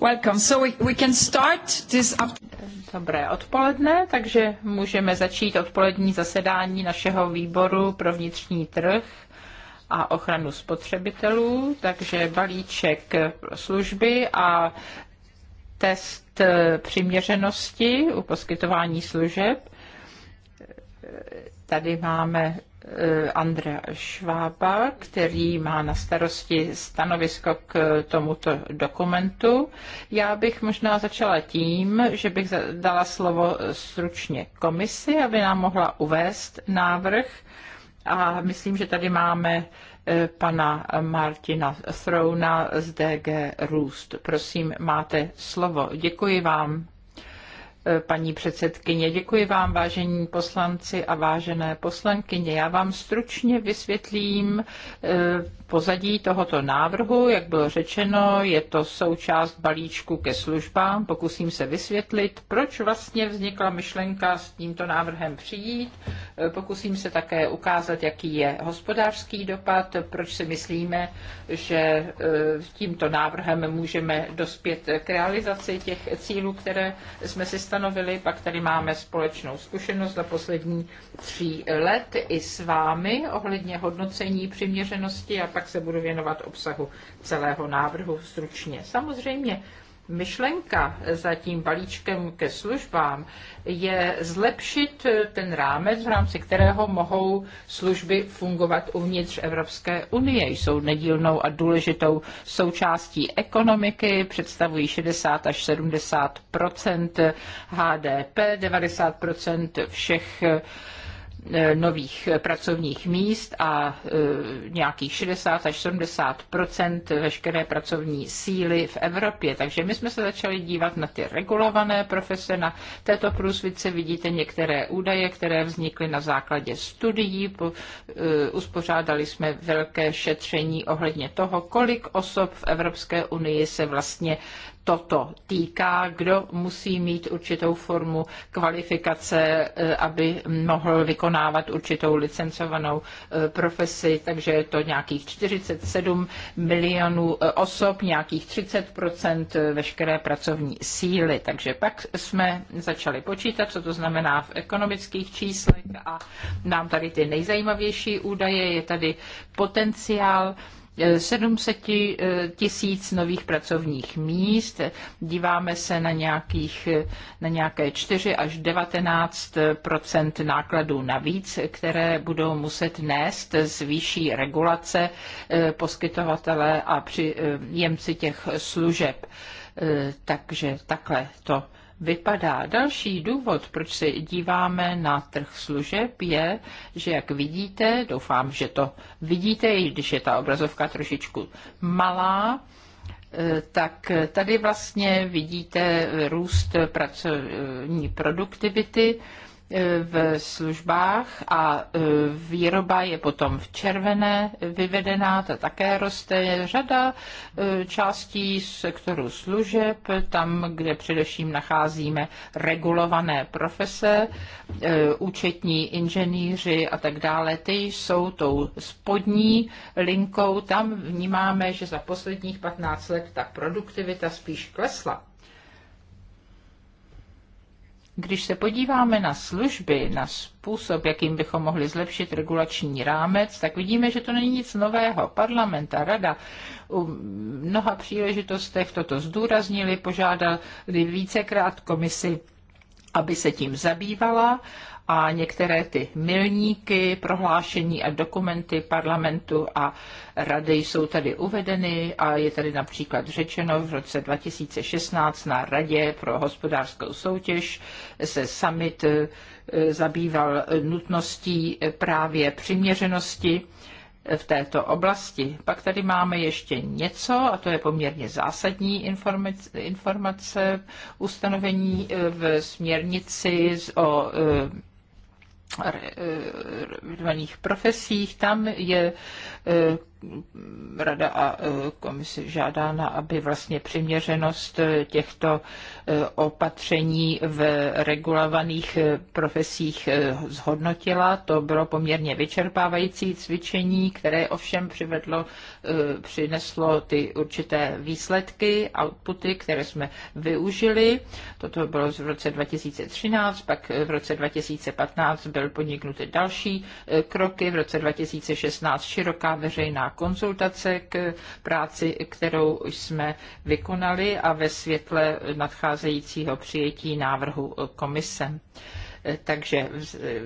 Welcome. So we, we can start this Dobré odpoledne, takže můžeme začít odpolední zasedání našeho výboru pro vnitřní trh a ochranu spotřebitelů, takže balíček služby a test přiměřenosti u poskytování služeb. Tady máme E, Andrea Švába, který má na starosti stanovisko k tomuto dokumentu. Já bych možná začala tím, že bych dala slovo stručně komisi, aby nám mohla uvést návrh. A myslím, že tady máme e, pana Martina Throna z DG Růst. Prosím, máte slovo. Děkuji vám. Eh, paní předsedkyně. Děkuji vám, vážení poslanci a vážené poslankyně. Já vám stručně vysvětlím eh, pozadí tohoto návrhu. Jak bylo řečeno, je to součást balíčku ke službám. Pokusím se vysvětlit, proč vlastně vznikla myšlenka s tímto návrhem přijít. Eh, pokusím se také ukázat, jaký je hospodářský dopad, proč si myslíme, že tímto návrhem můžeme dospět k realizaci těch cílů, které jsme si stanovili. Pak tady máme společnou zkušenost za poslední tří let i s vámi ohledně hodnocení přiměřenosti a pak se budu věnovat obsahu celého návrhu stručně. Samozřejmě myšlenka za tím balíčkem ke službám je zlepšit ten rámec, v rámci kterého mohou služby fungovat uvnitř Evropské unie. Jsou nedílnou a důležitou součástí ekonomiky, představují 60 až 70 HDP, 90 všech Eh, nových pracovních míst a eh, nějakých 60 až 70 veškeré pracovní síly v Evropě. Takže my jsme se začali dívat na ty regulované profese. Na této průsvice vidíte některé údaje, které vznikly na základě studií. Eh, uspořádali jsme velké šetření ohledně toho, kolik osob v Evropské unii se vlastně toto týká, kdo musí mít určitou formu kvalifikace, e, aby mohl vykonávat určitou licencovanou e, profesi, takže je to nějakých 47 milionů e, osob, nějakých 30 veškeré pracovní síly. Takže pak jsme začali počítat, co to znamená v ekonomických číslech a nám tady ty nejzajímavější údaje, je tady potenciál 700 tisíc nových pracovních míst, díváme se na, nějakých, na nějaké 4 až 19 nákladů navíc, které budou muset nést z výšší regulace eh, poskytovatele a příjemci eh, těch služeb. Eh, takže takhle to vypadá. Další důvod, proč se díváme na trh služeb, je, že jak vidíte, doufám, že to vidíte, i když je ta obrazovka trošičku malá, eh, tak tady vlastně vidíte růst pracovní produktivity v službách a e, výroba je potom v červené vyvedená, ta také roste. Řada e, částí sektoru služeb, tam, kde především nacházíme regulované profese, e, účetní inženýři a tak dále, ty jsou tou spodní linkou. Tam vnímáme, že za posledních 15 let ta produktivita spíš klesla. Když se podíváme na služby, na způsob, jakým bychom mohli zlepšit regulační rámec, tak vidíme, že to není nic nového. Parlament a rada u mnoha příležitostech toto zdůraznili, požádali vícekrát komisi, aby se tím zabývala a některé ty milníky, prohlášení a dokumenty parlamentu a rady jsou tady uvedeny a je tady například řečeno v roce 2016 na Radě pro hospodářskou soutěž se summit eh, zabýval nutností eh, právě přiměřenosti eh, v této oblasti. Pak tady máme ještě něco, a to je poměrně zásadní informace, informace ustanovení v směrnici o Eh, eh, profesích, tam je eh, rada a e, komise žádána, aby vlastně přiměřenost e, těchto e, opatření v regulovaných profesích zhodnotila. To bylo poměrně vyčerpávající cvičení, které ovšem přivedlo, přineslo ty určité výsledky, outputy, které jsme využili. Toto bylo v roce 2013, pak v roce 2015 byl podniknuty další kroky, v roce 2016 široká veřejná konzultace k práci, kterou jsme vykonali a ve světle nadcházejícího přijetí návrhu komise. Takže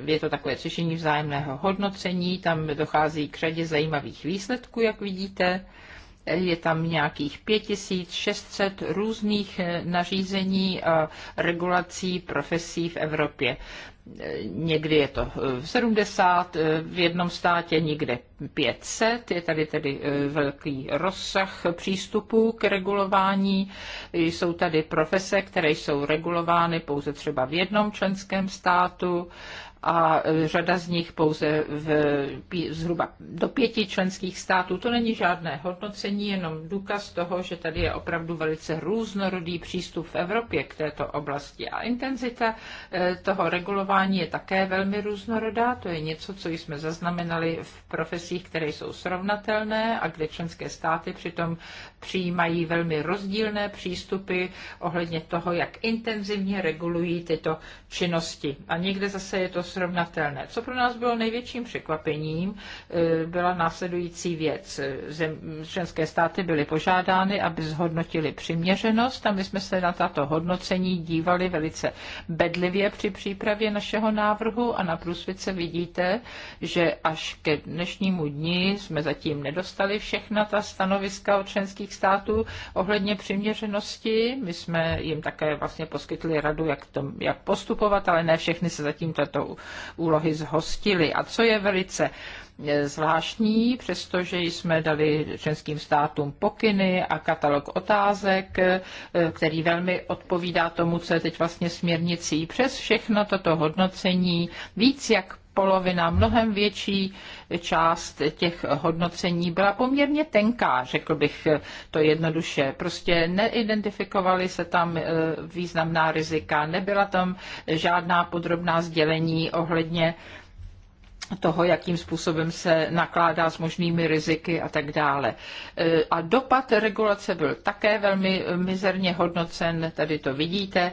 je to takové řešení vzájemného hodnocení, tam dochází k řadě zajímavých výsledků, jak vidíte je tam nějakých 5600 různých eh, nařízení a regulací profesí v Evropě. Eh, někdy je to 70, eh, v jednom státě někde 500, je tady tedy velký rozsah přístupů k regulování. Jsou tady profese, které jsou regulovány pouze třeba v jednom členském státu a e, řada z nich pouze v zhruba do pěti členských států. To není žádné hodnocení, jenom důkaz toho, že tady je opravdu velice různorodý přístup v Evropě k této oblasti. A intenzita e, toho regulování je také velmi různorodá. To je něco, co jsme zaznamenali v profesích, které jsou srovnatelné a kde členské státy přitom přijímají velmi rozdílné přístupy ohledně toho, jak intenzivně regulují tyto činnosti. A někde zase je to srovnatelné. Co pro nás bylo největším překvapením, eh, byla následující věc. Zem, členské státy byly požádány, aby zhodnotili přiměřenost a my jsme se na tato hodnocení dívali velice bedlivě při přípravě našeho návrhu a na průsvice vidíte, že až ke dnešnímu dni jsme zatím nedostali všechna ta stanoviska od členských států ohledně přiměřenosti. My jsme jim také vlastně poskytli radu, jak, to, jak postupovat, ale ne všechny se zatím tato úlohy zhostili. A co je velice eh, zvláštní, přestože jsme dali členským státům pokyny a katalog otázek, eh, který velmi odpovídá tomu, co je teď vlastně směrnicí. Přes všechno toto hodnocení víc jak polovina, mnohem větší část těch hodnocení byla poměrně tenká, řekl bych to jednoduše. Prostě neidentifikovaly se tam eh, významná rizika, nebyla tam žádná podrobná sdělení ohledně toho, jakým způsobem se nakládá s možnými riziky a tak dále. E, a dopad regulace byl také velmi mizerně hodnocen, tady to vidíte, e,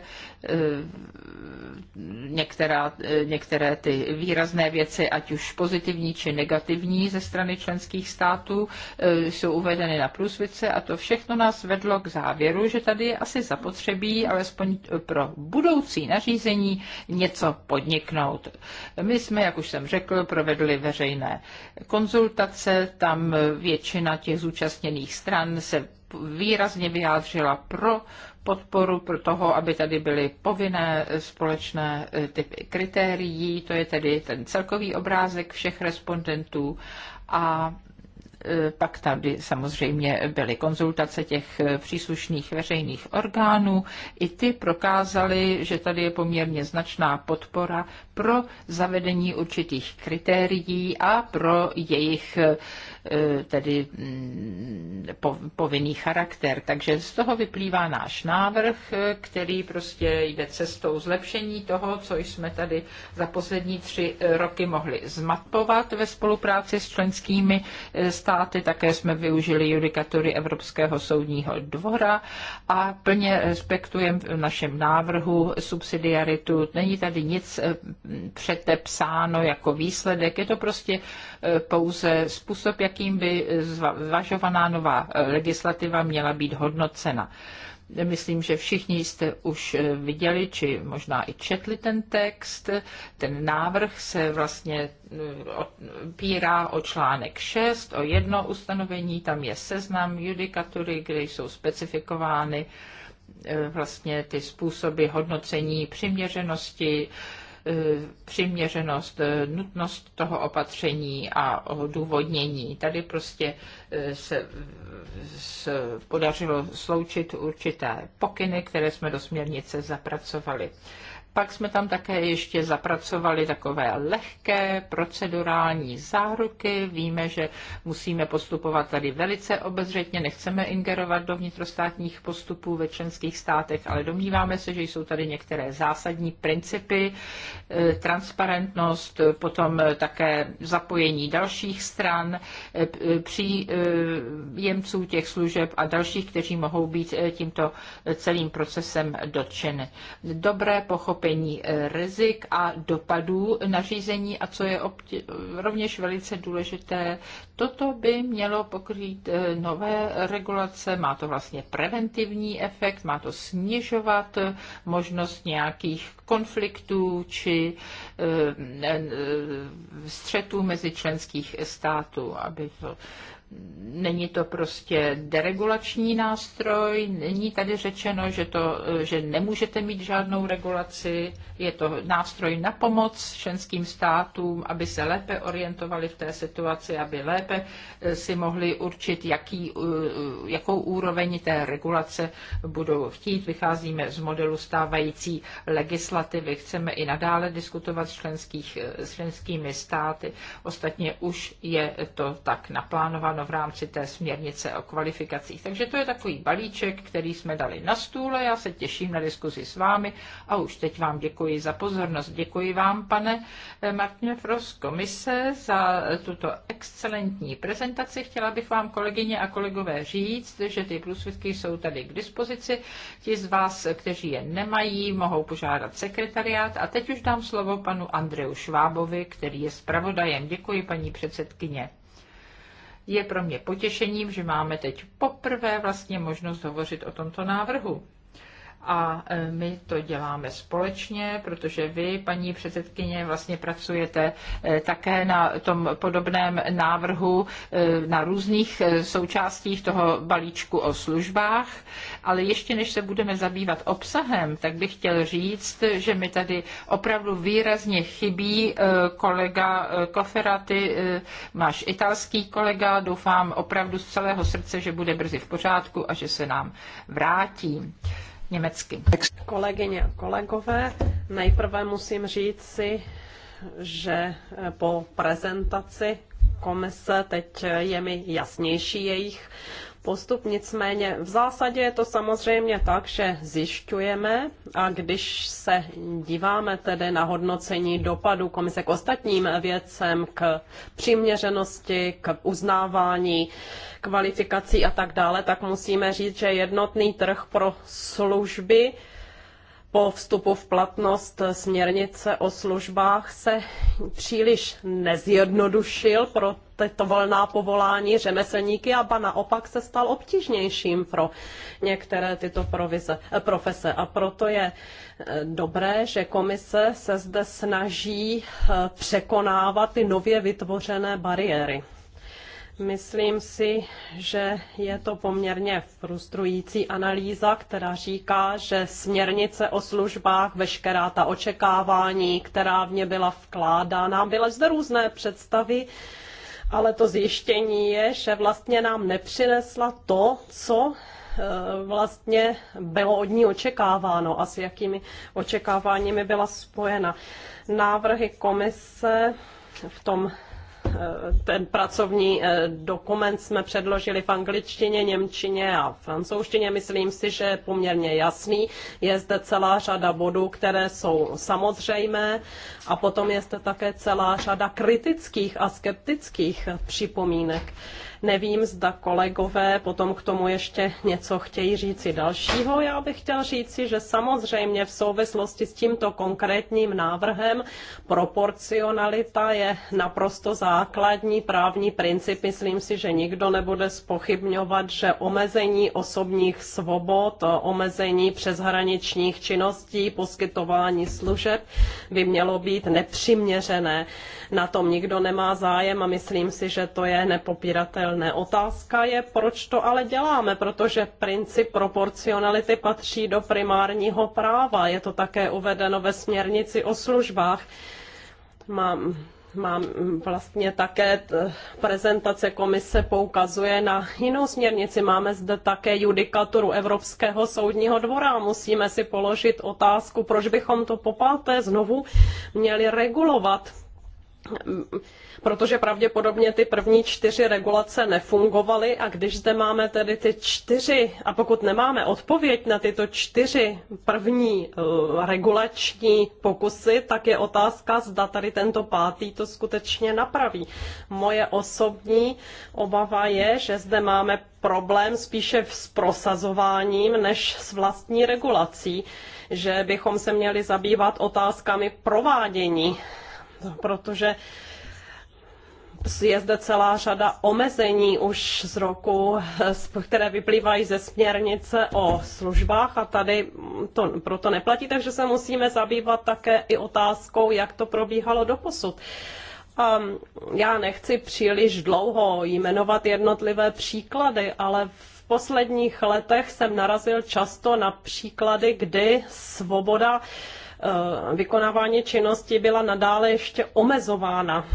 některá, e, některé ty výrazné věci, ať už pozitivní či negativní ze strany členských států, jsou uvedeny na průsvice a to všechno nás vedlo k závěru, že tady je asi zapotřebí, alespoň pro budoucí nařízení, něco podniknout. My jsme, jak už jsem řekl, provedly veřejné konzultace, tam většina těch zúčastněných stran se výrazně vyjádřila pro podporu pro toho, aby tady byly povinné společné e, typy kritérií, to je tedy ten celkový obrázek všech respondentů a Eh, pak tady samozřejmě byly konzultace těch eh, příslušných veřejných orgánů. I ty prokázaly, že tady je poměrně značná podpora pro zavedení určitých kritérií a pro jejich eh, E, tedy mm, povinný charakter. Takže z toho vyplývá náš návrh, e, který prostě jde cestou zlepšení toho, co jsme tady za poslední tři e, roky mohli zmapovat ve spolupráci s členskými státy. Také jsme využili judikatury Evropského soudního dvora a plně respektujeme v našem návrhu subsidiaritu. Není tady nic přetepsáno jako výsledek, je to prostě pouze způsob, jak jakým by zvažovaná nová e, legislativa měla být hodnocena. Myslím, že všichni jste už e, viděli, či možná i četli ten text. Ten návrh se vlastně e, opírá o článek 6, o jedno ustanovení, tam je seznam judikatury, kde jsou specifikovány vlastně ty způsoby hodnocení přiměřenosti, Eh, přiměřenost, eh, nutnost toho opatření a odůvodnění. Tady prostě eh, se, se podařilo sloučit určité pokyny, které jsme do směrnice zapracovali. Pak jsme tam také ještě zapracovali takové lehké procedurální záruky. Víme, že musíme postupovat tady velice obezřetně, nechceme ingerovat do vnitrostátních postupů ve členských státech, ale domníváme se, že jsou tady některé zásadní principy, e, transparentnost, potom také zapojení dalších stran, e, příjemců e, těch služeb a dalších, kteří mohou být tímto celým procesem dotčeny. Dobré pochopení pochopení eh, rizik a dopadů nařízení a co je rovněž velice důležité, toto by mělo pokrýt eh, nové regulace, má to vlastně preventivní efekt, má to snižovat eh, možnost nějakých konfliktů či střetů mezi členských států, aby to Není to prostě deregulační nástroj, není tady řečeno, že, to, že nemůžete mít žádnou regulaci, je to nástroj na pomoc členským státům, aby se lépe orientovali v té situaci, aby lépe eh, si mohli určit, jaký, eh, jakou úroveň té regulace budou chtít. Vycházíme z modelu stávající legislativy, chceme i nadále diskutovat s, členských, eh, s členskými státy. Ostatně už je to tak naplánováno v rámci té směrnice o kvalifikacích. Takže to je takový balíček, který jsme dali na stůl a já se těším na diskuzi s vámi a už teď vám děkuji za pozornost. Děkuji vám, pane eh, Martin Frost, komise, za tuto excelentní prezentaci. Chtěla bych vám, kolegyně a kolegové, říct, že ty průsvitky jsou tady k dispozici. Ti z vás, kteří je nemají, mohou požádat sekretariát. A teď už dám slovo panu Andreu Švábovi, který je zpravodajem. Děkuji, paní předsedkyně je pro mě potěšením, že máme teď poprvé vlastně možnost hovořit o tomto návrhu a e, my to děláme společně, protože vy, paní předsedkyně, vlastně pracujete e, také na tom podobném návrhu e, na různých součástích toho balíčku o službách, ale ještě než se budeme zabývat obsahem, tak bych chtěl říct, že mi tady opravdu výrazně chybí kolega Koferaty, máš italský kolega, doufám opravdu z celého srdce, že bude brzy v pořádku a že se nám vrátí německy. Kolegyně a kolegové, nejprve musím říct si, že po prezentaci komise teď je mi jasnější jejich postup, nicméně v zásadě je to samozřejmě tak, že zjišťujeme a když se díváme tedy na hodnocení dopadu komise k ostatním věcem, k přiměřenosti, k uznávání, kvalifikací a tak dále, tak musíme říct, že jednotný trh pro služby po vstupu v platnost směrnice o službách se příliš nezjednodušil pro tyto volná povolání řemeslníky a ba naopak se stal obtížnějším pro některé tyto provize, profese. A proto je eh, dobré, že komise se zde snaží eh, překonávat ty nově vytvořené bariéry. Myslím si, že je to poměrně frustrující analýza, která říká, že směrnice o službách, veškerá ta očekávání, která v ně byla vkládána, byly zde různé představy, ale to zjištění je, že vlastně nám nepřinesla to, co e, vlastně bylo od ní očekáváno a s jakými očekáváními byla spojena. Návrhy komise v tom Eh, ten pracovní eh, dokument jsme předložili v angličtině, němčině a francouzštině. Myslím si, že je poměrně jasný. Je zde celá řada bodů, které jsou samozřejmé a potom je zde také celá řada kritických a skeptických připomínek. Nevím, zda kolegové potom k tomu ještě něco chtějí říci dalšího. Já bych chtěl říci, že samozřejmě v souvislosti s tímto konkrétním návrhem proporcionalita je naprosto základní právní princip. Myslím si, že nikdo nebude spochybňovat, že omezení osobních svobod, omezení přeshraničních činností, poskytování služeb by mělo být nepřiměřené. Na tom nikdo nemá zájem a myslím si, že to je nepopiratelné pochopitelné. Otázka je, proč to ale děláme, protože princip proporcionality patří do primárního práva. Je to také uvedeno ve směrnici o službách. Mám, mám vlastně také prezentace komise poukazuje na jinou směrnici. Máme zde také judikaturu Evropského soudního dvora. Musíme si položit otázku, proč bychom to popáté znovu měli regulovat protože pravděpodobně ty první čtyři regulace nefungovaly a když zde máme tedy ty čtyři, a pokud nemáme odpověď na tyto čtyři první eh, regulační pokusy, tak je otázka, zda tady tento pátý to skutečně napraví. Moje osobní obava je, že zde máme problém spíše s prosazováním než s vlastní regulací že bychom se měli zabývat otázkami provádění protože je zde celá řada omezení už z roku, které vyplývají ze směrnice o službách a tady to proto neplatí, takže se musíme zabývat také i otázkou, jak to probíhalo posud. A ehm, já nechci příliš dlouho jmenovat jednotlivé příklady, ale v posledních letech jsem narazil často na příklady, kdy svoboda uh, Eh, vykonávání činnosti byla nadále ještě omezována.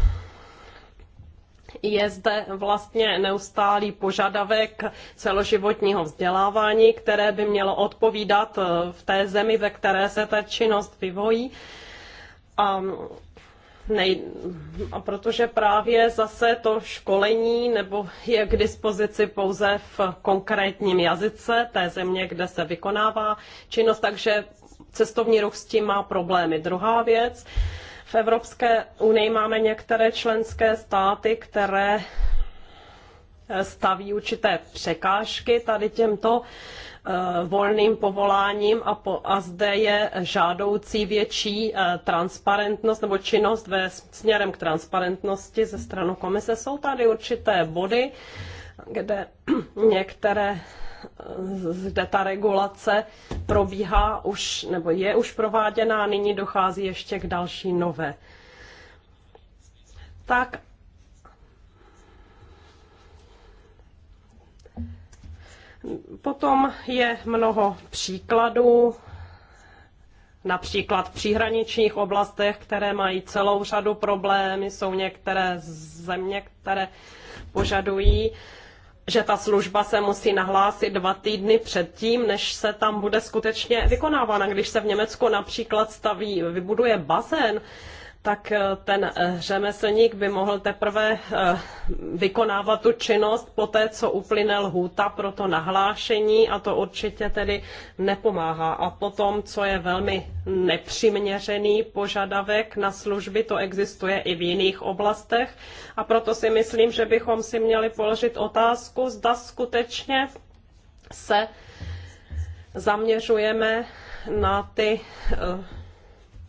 Je zde vlastně neustálý požadavek celoživotního vzdělávání, které by mělo odpovídat eh, v té zemi, ve které se ta činnost vyvojí. A Nej... A protože právě zase to školení nebo je k dispozici pouze v konkrétním jazyce té země, kde se vykonává činnost, takže cestovní ruch s tím má problémy. Druhá věc, v Evropské unii máme některé členské státy, které eh, staví určité překážky tady těmto eh, volným povoláním a, po, a zde je žádoucí větší eh, transparentnost nebo činnost ve směrem k transparentnosti ze strany komise. Jsou tady určité body, kde některé zde ta regulace probíhá už, nebo je už prováděná, nyní dochází ještě k další nové. Tak Potom je mnoho příkladů, například v příhraničních oblastech, které mají celou řadu problémů, jsou některé země, které požadují že ta služba se musí nahlásit dva týdny předtím, než se tam bude skutečně vykonávána. Když se v Německu například staví, vybuduje bazén, tak eh, ten eh, řemeslník by mohl teprve eh, vykonávat tu činnost poté co uplyne lhůta pro to nahlášení a to určitě tedy nepomáhá. A potom, co je velmi nepřiměřený požadavek na služby, to existuje i v jiných oblastech a proto si myslím, že bychom si měli položit otázku, zda skutečně se zaměřujeme na ty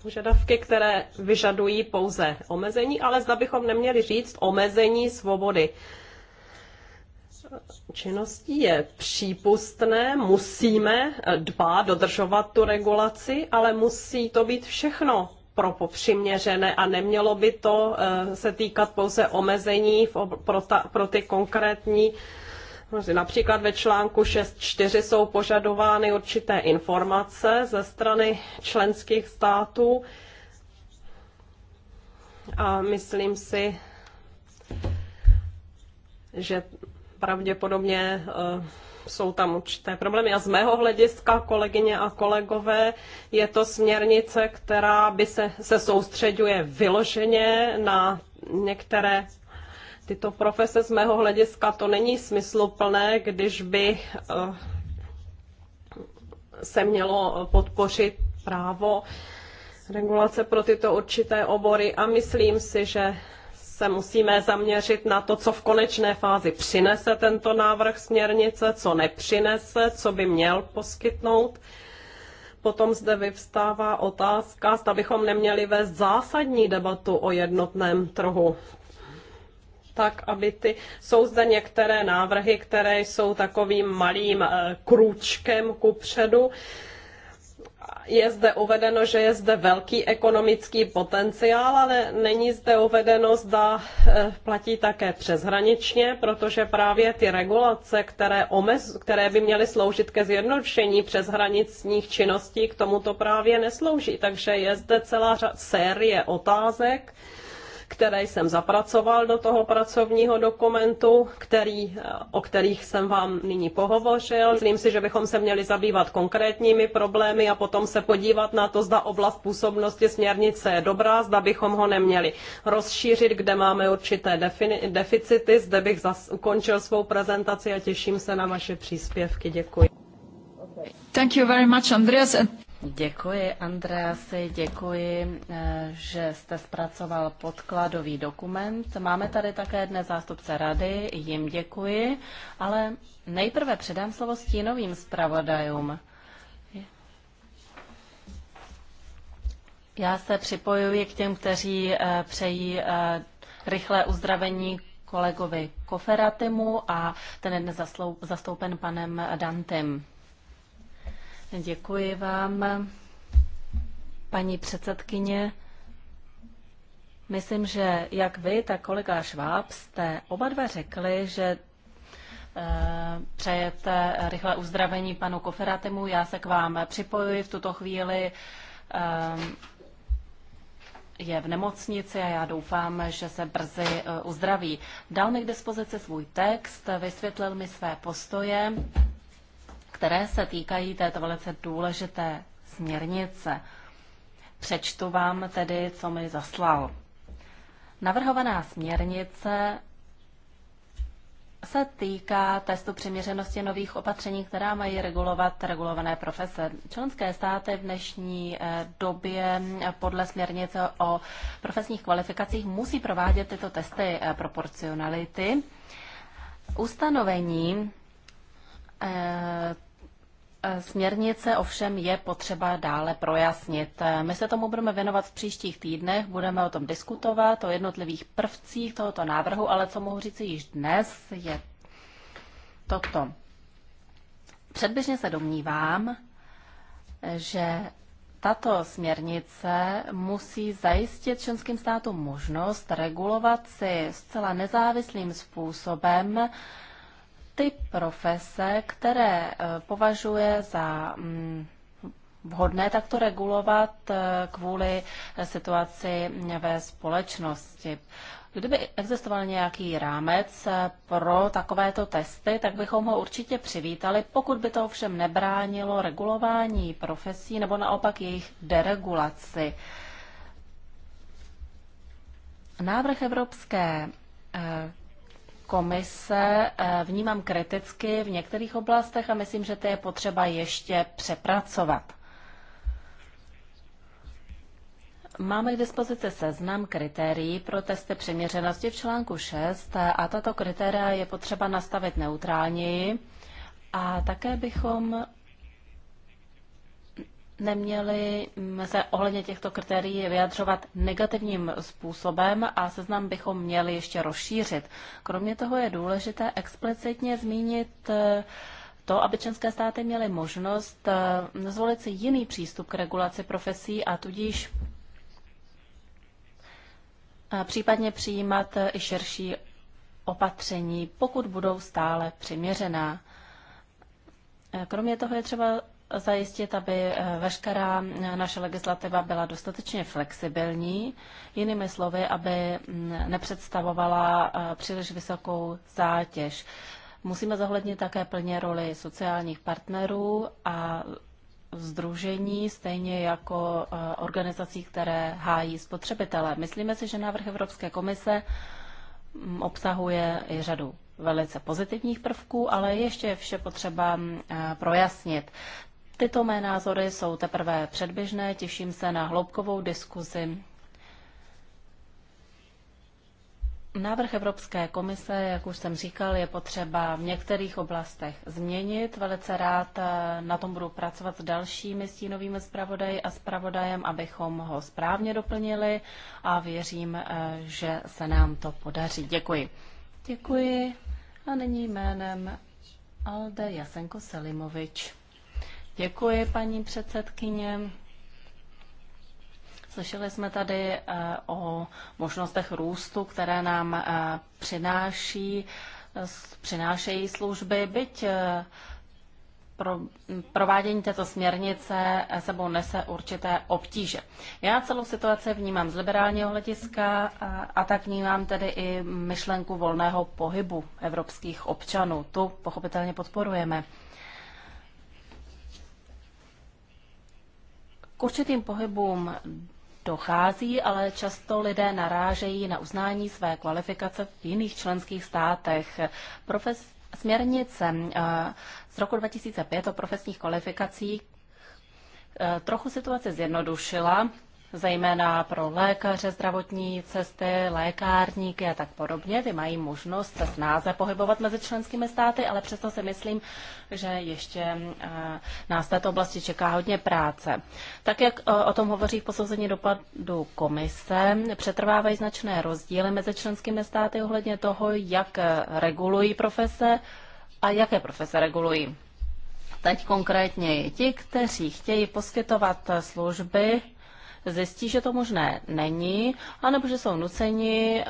požadavky, které vyžadují pouze omezení, ale zda bychom neměli říct omezení svobody činností je přípustné, musíme dbát, dodržovat tu regulaci, ale musí to být všechno pro přiměřené a nemělo by to eh, se týkat pouze omezení pro, ta, pro ty konkrétní Například ve článku 6.4 jsou požadovány určité informace ze strany členských států a myslím si, že pravděpodobně e, jsou tam určité problémy. A z mého hlediska, kolegyně a kolegové, je to směrnice, která by se, se soustředuje vyloženě na některé tyto profese z mého hlediska to není smysluplné, když by eh, se mělo podpořit právo regulace pro tyto určité obory a myslím si, že se musíme zaměřit na to, co v konečné fázi přinese tento návrh směrnice, co nepřinese, co by měl poskytnout. Potom zde vyvstává otázka, zda bychom neměli vést zásadní debatu o jednotném trhu tak, aby ty, jsou zde některé návrhy, které jsou takovým malým eh, krůčkem ku předu. Je zde uvedeno, že je zde velký ekonomický potenciál, ale není zde uvedeno, zda eh, platí také přeshraničně, protože právě ty regulace, které, omez, které by měly sloužit ke zjednodušení přeshraničních činností, k tomuto právě neslouží. Takže je zde celá řad série otázek, které jsem zapracoval do toho pracovního dokumentu, který, o kterých jsem vám nyní pohovořil. Myslím si, že bychom se měli zabývat konkrétními problémy a potom se podívat na to, zda oblast působnosti směrnice je dobrá, zda bychom ho neměli rozšířit, kde máme určité deficity. Zde bych zas ukončil svou prezentaci a těším se na vaše příspěvky. Děkuji. Thank you very much, Andreas. Děkuji, Andreasi, děkuji, eh, že jste zpracoval podkladový dokument. Máme tady také dnes zástupce rady, jim děkuji, ale nejprve předám slovo stínovým zpravodajům. Já se připojuji k těm, kteří eh, přejí eh, rychlé uzdravení kolegovi Koferatimu a ten je dnes zastoupen panem Dantem. Děkuji vám, paní předsedkyně. Myslím, že jak vy, tak kolega Šváb jste oba dva řekli, že eh, přejete rychlé uzdravení panu Koferatemu. Já se k vám připojuji v tuto chvíli. Eh, je v nemocnici a já doufám, že se brzy eh, uzdraví. Dal mi k dispozici svůj text, vysvětlil mi své postoje které se týkají této velice důležité směrnice. Přečtu vám tedy, co mi zaslal. Navrhovaná směrnice se týká testu přiměřenosti nových opatření, která mají regulovat regulované profese. Členské státy v dnešní eh, době podle směrnice o profesních kvalifikacích musí provádět tyto testy eh, proporcionality. Ustanovení Eh, eh, směrnice ovšem je potřeba dále projasnit. Eh, my se tomu budeme věnovat v příštích týdnech, budeme o tom diskutovat, o jednotlivých prvcích tohoto návrhu, ale co mohu říct již dnes, je toto. Předběžně se domnívám, že tato směrnice musí zajistit členským státům možnost regulovat si zcela nezávislým způsobem ty profese, které eh, považuje za mm, vhodné takto regulovat eh, kvůli situaci ve společnosti. Kdyby existoval nějaký rámec eh, pro takovéto testy, tak bychom ho určitě přivítali, pokud by to ovšem nebránilo regulování profesí nebo naopak jejich deregulaci. Návrh Evropské komise eh, vnímám kriticky v některých oblastech a myslím, že to je potřeba ještě přepracovat. Máme k dispozici seznam kritérií pro testy přiměřenosti v článku 6 eh, a tato kritéria je potřeba nastavit neutrálněji. A také bychom neměli se ohledně těchto kritérií vyjadřovat negativním způsobem a seznam bychom měli ještě rozšířit. Kromě toho je důležité explicitně zmínit eh, to, aby členské státy měly možnost eh, zvolit si jiný přístup k regulaci profesí a tudíž eh, případně přijímat i širší opatření, pokud budou stále přiměřená. Kromě toho je třeba zajistit, aby eh, veškerá naše legislativa byla dostatečně flexibilní, jinými slovy, aby mm, nepředstavovala eh, příliš vysokou zátěž. Musíme zohlednit také plně roli sociálních partnerů a združení, stejně jako eh, organizací, které hájí spotřebitele. Myslíme si, že návrh Evropské komise mm, obsahuje i řadu velice pozitivních prvků, ale ještě je vše potřeba mm, projasnit. Tyto mé názory jsou teprve předběžné, těším se na hloubkovou diskuzi. Návrh Evropské komise, jak už jsem říkal, je potřeba v některých oblastech změnit. Velice rád eh, na tom budu pracovat s dalšími stínovými zpravodaji a zpravodajem, abychom ho správně doplnili a věřím, eh, že se nám to podaří. Děkuji. Děkuji. A nyní jménem Alde Jasenko Selimovič. Děkuji, paní předsedkyně. Slyšeli jsme tady eh, o možnostech růstu, které nám eh, přináší, přinášejí služby, byť eh, pro, provádění této směrnice sebou nese určité obtíže. Já celou situaci vnímám z liberálního hlediska a, a tak vnímám tedy i myšlenku volného pohybu evropských občanů. Tu pochopitelně podporujeme. K určitým pohybům dochází, ale často lidé narážejí na uznání své kvalifikace v jiných členských státech. Profes, směrnice eh, z roku 2005 o profesních kvalifikacích eh, trochu situaci zjednodušila zejména pro lékaře, zdravotní cesty, lékárníky a tak podobně. Ty mají možnost se snáze pohybovat mezi členskými státy, ale přesto si myslím, že ještě eh, nás v této oblasti čeká hodně práce. Tak, jak eh, o tom hovoří v posouzení dopadu komise, přetrvávají značné rozdíly mezi členskými státy ohledně toho, jak eh, regulují profese a jaké profese regulují. Teď konkrétně ti, kteří chtějí poskytovat služby, zjistí, že to možné není, anebo že jsou nuceni eh,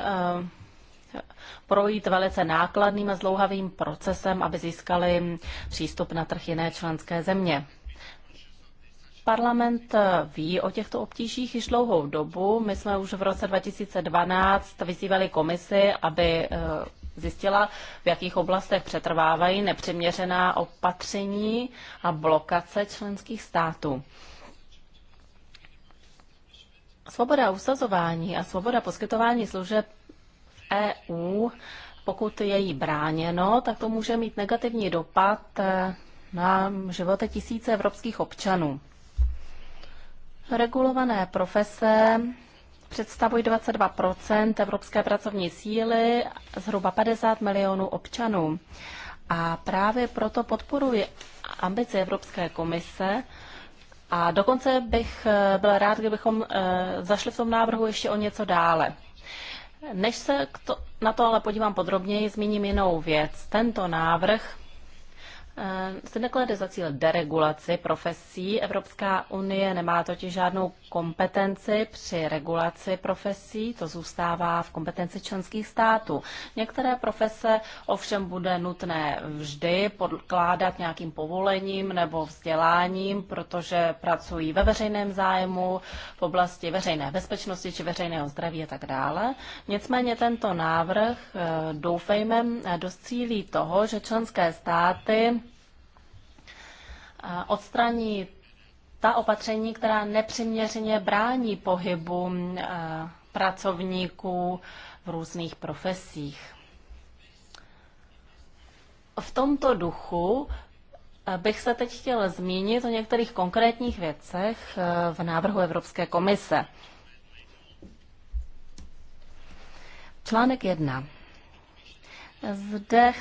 projít velice nákladným a zlouhavým procesem, aby získali přístup na trh jiné členské země. Parlament eh, ví o těchto obtížích již dlouhou dobu. My jsme už v roce 2012 vyzývali komisi, aby eh, zjistila, v jakých oblastech přetrvávají nepřiměřená opatření a blokace členských států. Svoboda usazování a svoboda poskytování služeb v EU, pokud je jí bráněno, tak to může mít negativní dopad eh, na životy tisíce evropských občanů. Regulované profese představují 22 evropské pracovní síly, zhruba 50 milionů občanů. A právě proto podporuji ambice Evropské komise a dokonce bych eh, byl rád, kdybychom eh, zašli v tom návrhu ještě o něco dále. Než se to, na to ale podívám podrobněji, zmíním jinou věc. Tento návrh eh, se neklade za cíl deregulaci profesí. Evropská unie nemá totiž žádnou kompetenci při regulaci profesí, to zůstává v kompetenci členských států. Některé profese ovšem bude nutné vždy podkládat nějakým povolením nebo vzděláním, protože pracují ve veřejném zájmu, v oblasti veřejné bezpečnosti či veřejného zdraví a tak dále. Nicméně tento návrh, eh, doufejme, eh, docílí toho, že členské státy eh, odstraní ta opatření, která nepřiměřeně brání pohybu eh, pracovníků v různých profesích. V tomto duchu eh, bych se teď chtěla zmínit o některých konkrétních věcech eh, v návrhu Evropské komise. Článek 1. Zde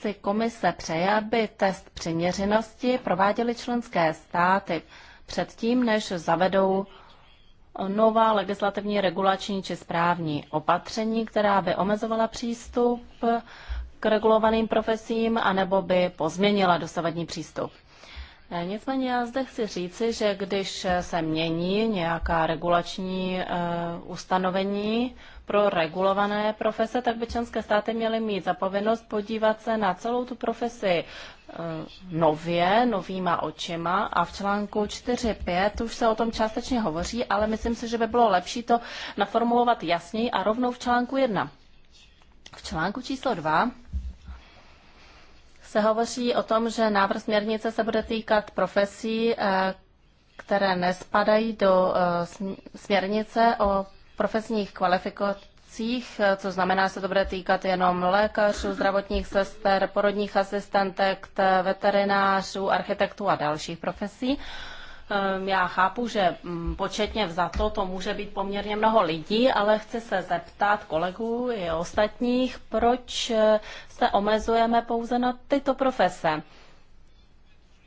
si komise přeje, aby test přiměřenosti prováděly členské státy předtím, než zavedou nová legislativní, regulační či správní opatření, která by omezovala přístup k regulovaným profesím anebo by pozměnila dosavadní přístup. Eh, nicméně já zde chci říci, že když se mění nějaká regulační e, ustanovení pro regulované profese, tak by členské státy měly mít zapovinnost podívat se na celou tu profesi Eh, nově, novýma očima a v článku 4.5 už se o tom částečně hovoří, ale myslím si, že by bylo lepší to naformulovat jasněji a rovnou v článku 1. V článku číslo 2 se hovoří o tom, že návrh směrnice se bude týkat profesí, eh, které nespadají do eh, směrnice o profesních kvalifikacích profesích, eh, co znamená, že se to bude týkat jenom lékařů, zdravotních sester, porodních asistentek, veterinářů, architektů a dalších profesí. Ehm, já chápu, že mm, početně to to může být poměrně mnoho lidí, ale chci se zeptat kolegů i ostatních, proč eh, se omezujeme pouze na tyto profese.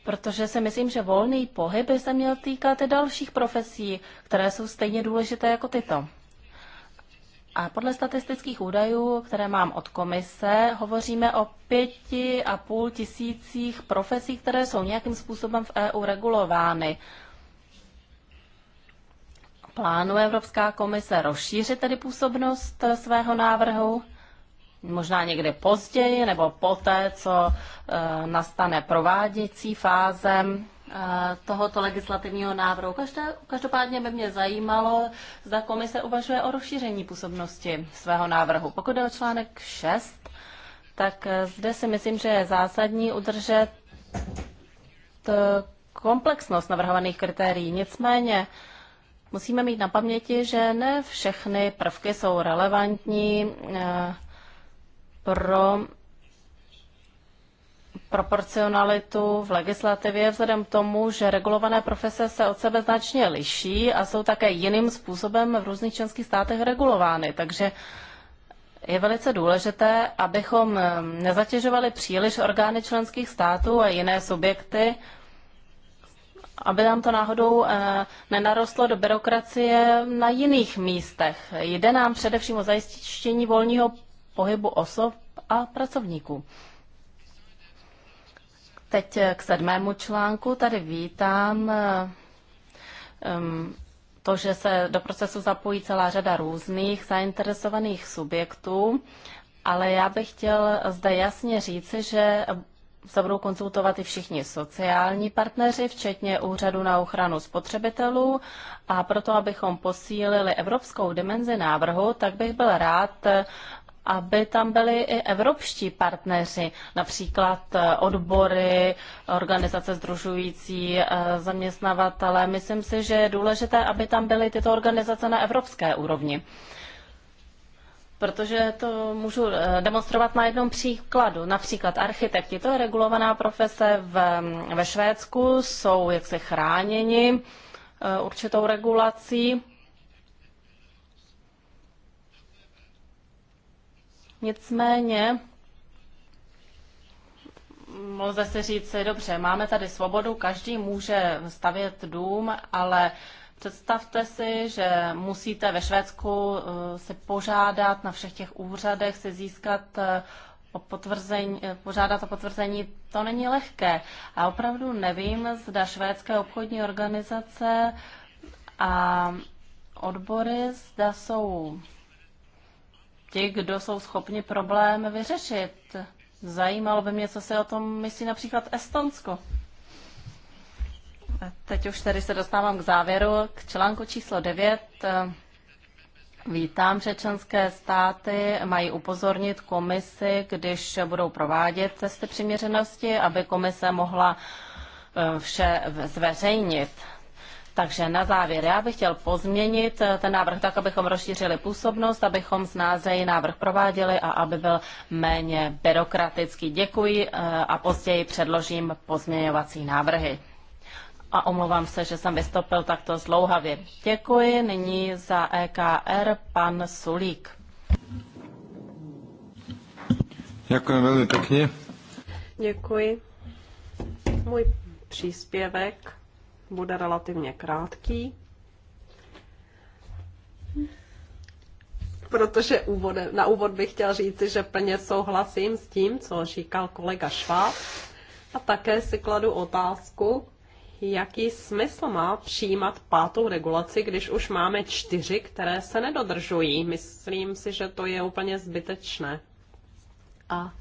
Protože si myslím, že volný pohyb by se měl týkat i dalších profesí, které jsou stejně důležité jako tyto. A podle statistických údajů, které mám od komise, hovoříme o pěti a půl tisících profesí, které jsou nějakým způsobem v EU regulovány. Plánuje Evropská komise rozšířit tedy působnost svého návrhu? Možná někdy později nebo poté, co eh, nastane prováděcí fázem tohoto legislativního návrhu. Každopádně by mě zajímalo, zda komise uvažuje o rozšíření působnosti svého návrhu. Pokud je o článek 6, tak e, zde si myslím, že je zásadní udržet e, komplexnost navrhovaných kritérií. Nicméně musíme mít na paměti, že ne všechny prvky jsou relevantní e, pro proporcionalitu v legislativě vzhledem k tomu, že regulované profese se od sebe značně liší a jsou také jiným způsobem v různých členských státech regulovány. Takže je velice důležité, abychom eh, nezatěžovali příliš orgány členských států a jiné subjekty, aby nám to náhodou eh, nenarostlo do byrokracie na jiných místech. Jde nám především o zajištění volního pohybu osob a pracovníků. Teď eh, k sedmému článku. Tady vítám um, to, že se do procesu zapojí celá řada různých zainteresovaných subjektů, ale já bych chtěl zde jasně říci, že se budou konzultovat i všichni sociální partneři, včetně Úřadu na ochranu spotřebitelů. A proto, abychom posílili evropskou dimenzi návrhu, tak bych byl rád, aby tam byli i evropští partneři, například eh, odbory, organizace združující eh, zaměstnavatele. Myslím si, že je důležité, aby tam byly tyto organizace na evropské úrovni. Protože to můžu eh, demonstrovat na jednom příkladu. Například architekti, to je regulovaná profese v, ve Švédsku, jsou jaksi chráněni určitou regulací Nicméně lze si říct si, dobře, máme tady svobodu, každý může stavět dům, ale Představte si, že musíte ve Švédsku eh, se požádat na všech těch úřadech, se získat eh, o potvrzení, eh, požádat o potvrzení, to není lehké. A opravdu nevím, zda švédské obchodní organizace a odbory, zda jsou ti, kdo jsou schopni problém vyřešit. Zajímalo by mě, co si o tom myslí například Estonsko. Teď už tady se dostávám k závěru, k článku číslo 9. Vítám, že členské státy mají upozornit komisi, když budou provádět testy přiměřenosti, aby komise mohla eh, vše zveřejnit. Takže na závěr, já bych chtěl pozměnit eh, ten návrh tak, abychom rozšířili působnost, abychom z názeji návrh prováděli a aby byl méně byrokratický. Děkuji eh, a později předložím pozměňovací návrhy. A omlouvám se, že jsem vystoupil takto zlouhavě. Děkuji. Nyní za EKR pan Sulík. Děkuji velmi pěkně. Děkuji. Můj příspěvek bude relativně krátký, protože úvodem, na úvod bych chtěl říci, že plně souhlasím s tím, co říkal kolega Šváb a také si kladu otázku, jaký smysl má přijímat pátou regulaci, když už máme čtyři, které se nedodržují. Myslím si, že to je úplně zbytečné. A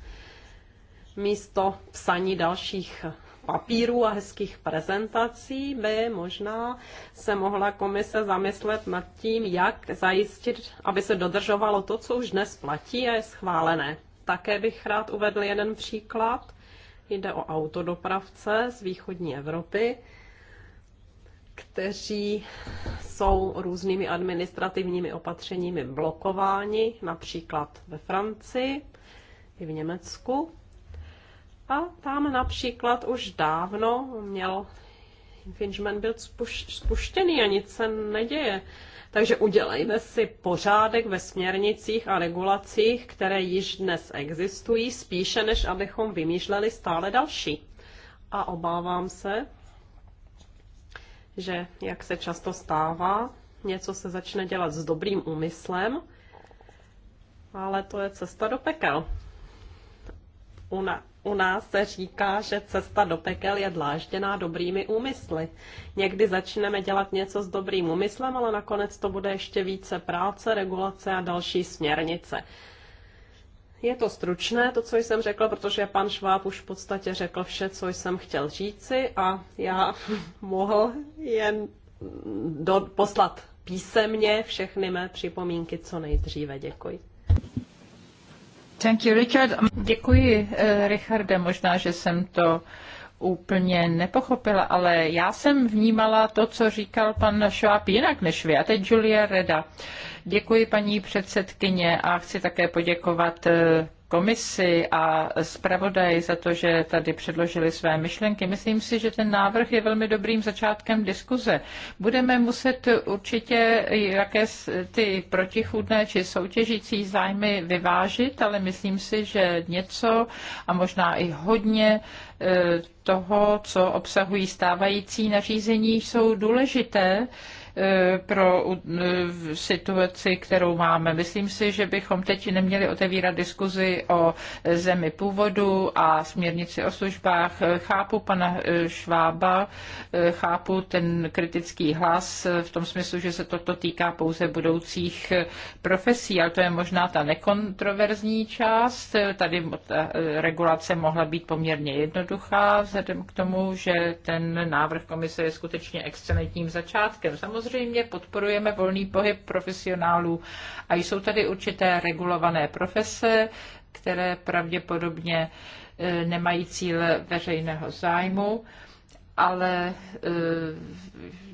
místo psaní dalších papíru a hezkých prezentací by možná se mohla komise zamyslet nad tím, jak zajistit, aby se dodržovalo to, co už dnes platí a je schválené. Také bych rád uvedl jeden příklad. Jde o autodopravce z východní Evropy, kteří jsou různými administrativními opatřeními blokováni, například ve Francii i v Německu. A tam například už dávno měl infringement byl spuštěný a nic se neděje. Takže udělejme si pořádek ve směrnicích a regulacích, které již dnes existují, spíše než abychom vymýšleli stále další. A obávám se, že, jak se často stává, něco se začne dělat s dobrým úmyslem, ale to je cesta do pekel. Una, u nás se říká, že cesta do pekel je dlážděná dobrými úmysly. Někdy začneme dělat něco s dobrým úmyslem, ale nakonec to bude ještě více práce, regulace a další směrnice. Je to stručné, to, co jsem řekla, protože pan Šváb už v podstatě řekl vše, co jsem chtěl říci a já mohl jen do, poslat písemně všechny mé připomínky co nejdříve. Děkuji. Děkuji, eh, Richarde. Možná, že jsem to úplně nepochopila, ale já jsem vnímala to, co říkal pan Schwab jinak než vy. A teď Julia Reda. Děkuji paní předsedkyně a chci také poděkovat eh, komisi a zpravodaj za to, že tady předložili své myšlenky. Myslím si, že ten návrh je velmi dobrým začátkem diskuze. Budeme muset určitě jaké ty protichůdné či soutěžící zájmy vyvážit, ale myslím si, že něco a možná i hodně e, toho, co obsahují stávající nařízení, jsou důležité Eh, pro eh, situaci, kterou máme. Myslím si, že bychom teď neměli otevírat diskuzi o zemi původu a směrnici o službách. Chápu pana eh, Švába, chápu ten kritický hlas v tom smyslu, že se toto týká pouze budoucích profesí, ale to je možná ta nekontroverzní část. Tady ta regulace mohla být poměrně jednoduchá, vzhledem k tomu, že ten návrh komise je skutečně excelentním začátkem. Samozřejmě samozřejmě podporujeme volný pohyb profesionálů a jsou tady určité regulované profese, které pravděpodobně e, nemají cíle veřejného zájmu, ale e,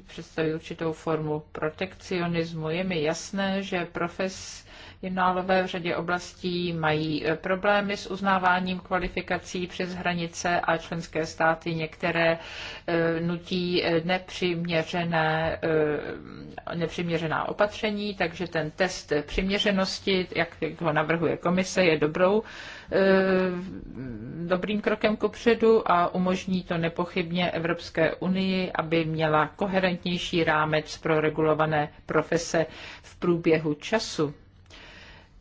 představují určitou formu protekcionismu. Je mi jasné, že profes Jinálové v řadě oblastí mají e, problémy s uznáváním kvalifikací přes hranice a členské státy některé e, nutí e, nepřiměřené, nepřiměřená opatření, takže ten test přiměřenosti, jak ho navrhuje komise, je dobrou dobrým krokem předu a umožní to nepochybně Evropské unii, aby měla koherentnější rámec pro regulované profese v průběhu času.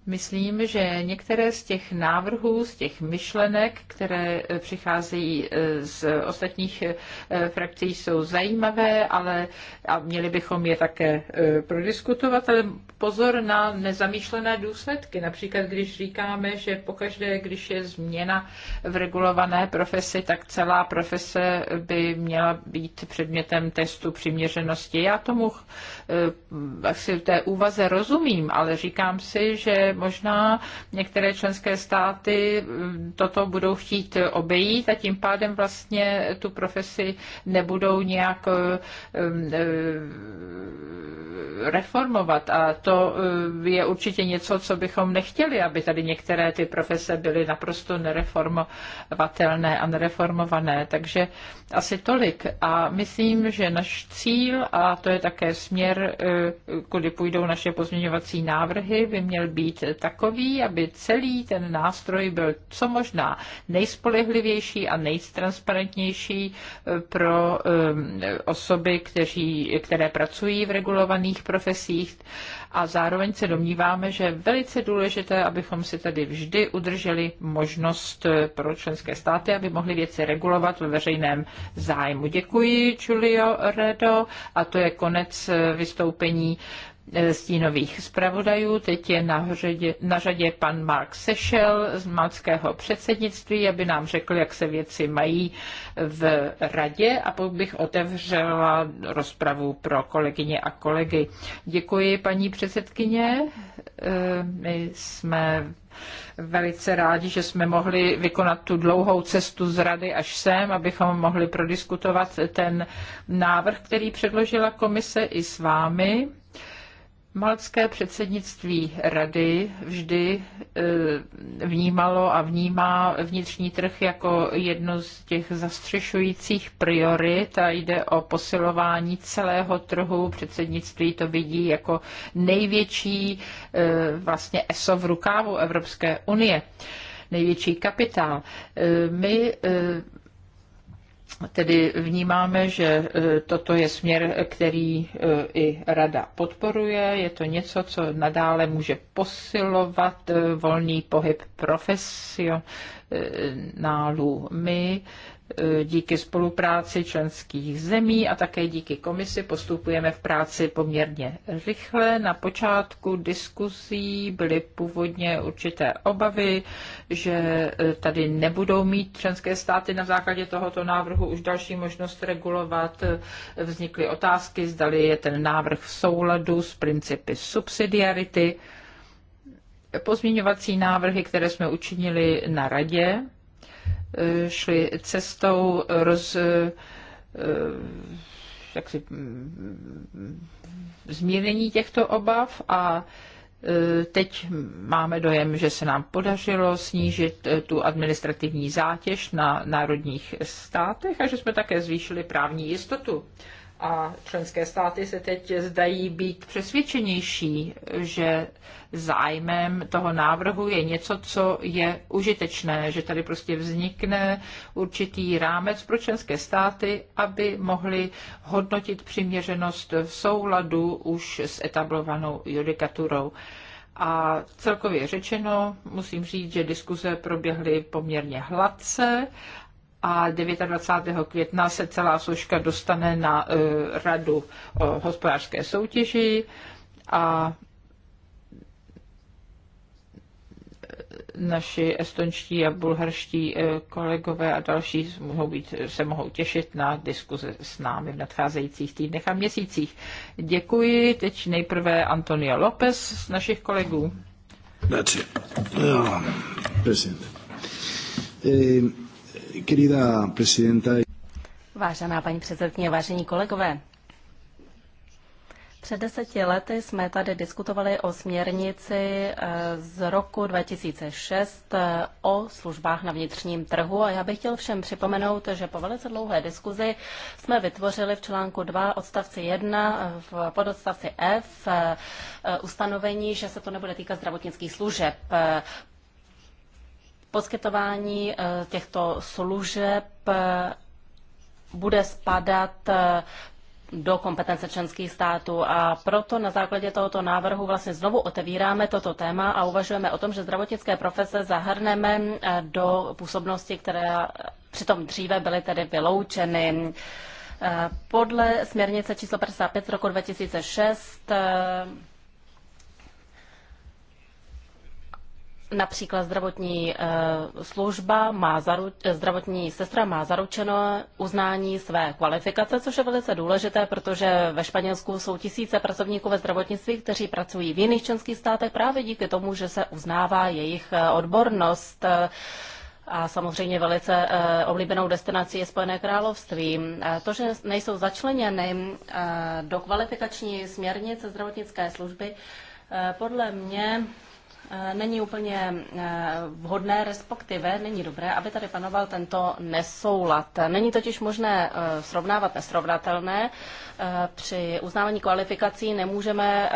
Myslím, že některé z těch návrhů, z těch myšlenek, které eh, přicházejí eh, z ostatních eh, frakcí, jsou zajímavé, ale a měli bychom je také prodiskutovat, ale pozor na nezamýšlené důsledky. Například, když říkáme, že pokaždé, když je změna v regulované profesi, tak celá profese by měla být předmětem testu přiměřenosti. Já tomu asi té úvaze rozumím, ale říkám si, že možná. Některé členské státy mm, toto budou chtít obejít a tím pádem vlastně tu profesi nebudou nějak eh, eh, reformovat. A to eh, je určitě něco, co bychom nechtěli, aby tady některé ty profese byly naprosto nereformovatelné a nereformované. Takže asi tolik. A myslím, že náš cíl, a to je také směr, kudy půjdou naše pozměňovací návrhy, by měl být takový, aby celý ten nástroj byl co možná nejspolehlivější a nejtransparentnější eh, pro eh, osoby, kteří, které pracují v regulovaných profesích a zároveň se domníváme, že je velice důležité, abychom si tady vždy udrželi možnost eh, pro členské státy, aby mohly věci regulovat ve veřejném zájmu. Děkuji, Julio Redo, a to je konec vystoupení Eh, stínových zpravodajů. Teď je na, řadě, na řadě pan Mark Sešel z malckého předsednictví, aby nám řekl, jak se věci mají v radě a pokud bych otevřela rozpravu pro kolegyně a kolegy. Děkuji, paní předsedkyně. Eh, my jsme velice rádi, že jsme mohli vykonat tu dlouhou cestu z rady až sem, abychom mohli prodiskutovat ten návrh, který předložila komise i s vámi. Malcké předsednictví rady vždy eh, vnímalo a vnímá vnitřní trh jako jedno z těch zastřešujících priorit a jde o posilování celého trhu. Předsednictví to vidí jako největší eh, vlastně ESO v rukávu Evropské unie největší kapitál. Eh, my Tedy vnímáme, že e, toto je směr, který e, i rada podporuje. Je to něco, co nadále může posilovat e, volný pohyb profesionálů. My E, díky spolupráci členských zemí a také díky komisi postupujeme v práci poměrně rychle. Na počátku diskusí byly původně určité obavy, že e, tady nebudou mít členské státy na základě tohoto návrhu už další možnost regulovat. E, vznikly otázky, zdali je ten návrh v souladu s principy subsidiarity. Pozměňovací návrhy, které jsme učinili na radě, šli cestou roz, eh, jaksi, mm, zmírnění těchto obav a eh, Teď máme dojem, že se nám podařilo snížit eh, tu administrativní zátěž na národních státech a že jsme také zvýšili právní jistotu. A členské státy se teď zdají být přesvědčenější, že zájmem toho návrhu je něco, co je užitečné, že tady prostě vznikne určitý rámec pro členské státy, aby mohli hodnotit přiměřenost v souladu už s etablovanou judikaturou. A celkově řečeno, musím říct, že diskuze proběhly poměrně hladce a 29. května se celá složka dostane na e, Radu uh, hospodářské soutěži a e, naši estonští a bulharští kolegové a další mohou být, se mohou těšit na diskuze s námi v nadcházejících týdnech a měsících. Děkuji. Teď nejprve Antonio López z našich kolegů. Děkuji. Děkuji querida presidenta. Vážená paní předsedkyně, vážení kolegové, před deseti lety jsme tady diskutovali o směrnici eh, z roku 2006 eh, o službách na vnitřním trhu a já bych chtěl všem připomenout, že po velice dlouhé diskuzi jsme vytvořili v článku 2 odstavci 1 eh, v pododstavci F ustanovení, že se to nebude týkat zdravotnických služeb. Poskytování eh, těchto služeb eh, bude spadat eh, do kompetence členských států a proto na základě tohoto návrhu vlastně znovu otevíráme toto téma a uvažujeme o tom, že zdravotnické profese zahrneme do působnosti, které přitom dříve byly tedy vyloučeny. Podle směrnice číslo 55 z roku 2006 Například zdravotní eh, služba má zaru, eh, zdravotní sestra má zaručeno uznání své kvalifikace, což je velice důležité, protože ve Španělsku jsou tisíce pracovníků ve zdravotnictví, kteří pracují v jiných členských státech právě díky tomu, že se uznává jejich eh, odbornost. A samozřejmě velice oblíbenou destinací je Spojené království. To, že nejsou začleněny do kvalifikační směrnice zdravotnické služby, podle mě Eh, není úplně eh, vhodné, respektive není dobré, aby tady panoval tento nesoulad. Není totiž možné eh, srovnávat nesrovnatelné. Při uznávání kvalifikací nemůžeme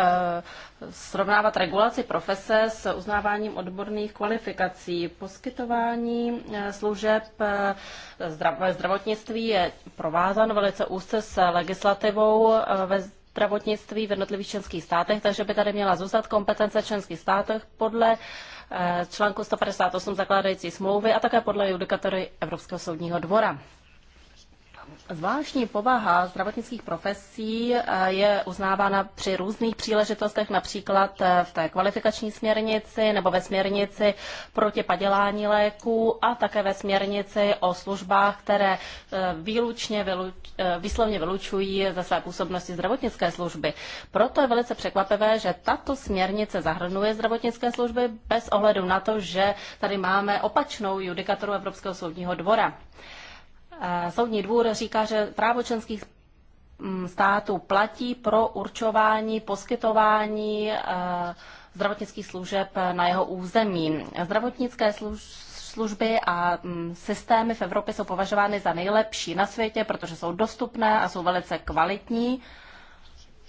srovnávat regulaci profese s uznáváním odborných kvalifikací. Poskytování služeb zdravotnictví je provázan velice úzce s legislativou ve zdravotnictví v jednotlivých členských státech, takže by tady měla zůstat kompetence členských státech podle eh, článku 158 zakládající smlouvy a také podle judikatory Evropského soudního dvora. Zvláštní povaha zdravotnických profesí eh, je uznávána při různých příležitostech, například eh, v té kvalifikační směrnici nebo ve směrnici proti padělání léků a také ve směrnici o službách, které eh, výlučně výslovně vylučují ze své působnosti zdravotnické služby. Proto je velice překvapivé, že tato směrnice zahrnuje zdravotnické služby bez ohledu na to, že tady máme opačnou judikaturu Evropského soudního dvora. Soudní dvůr říká, že právo členských mm, států platí pro určování poskytování eh, zdravotnických služeb na jeho území. Zdravotnické služby a mm, systémy v Evropě jsou považovány za nejlepší na světě, protože jsou dostupné a jsou velice kvalitní.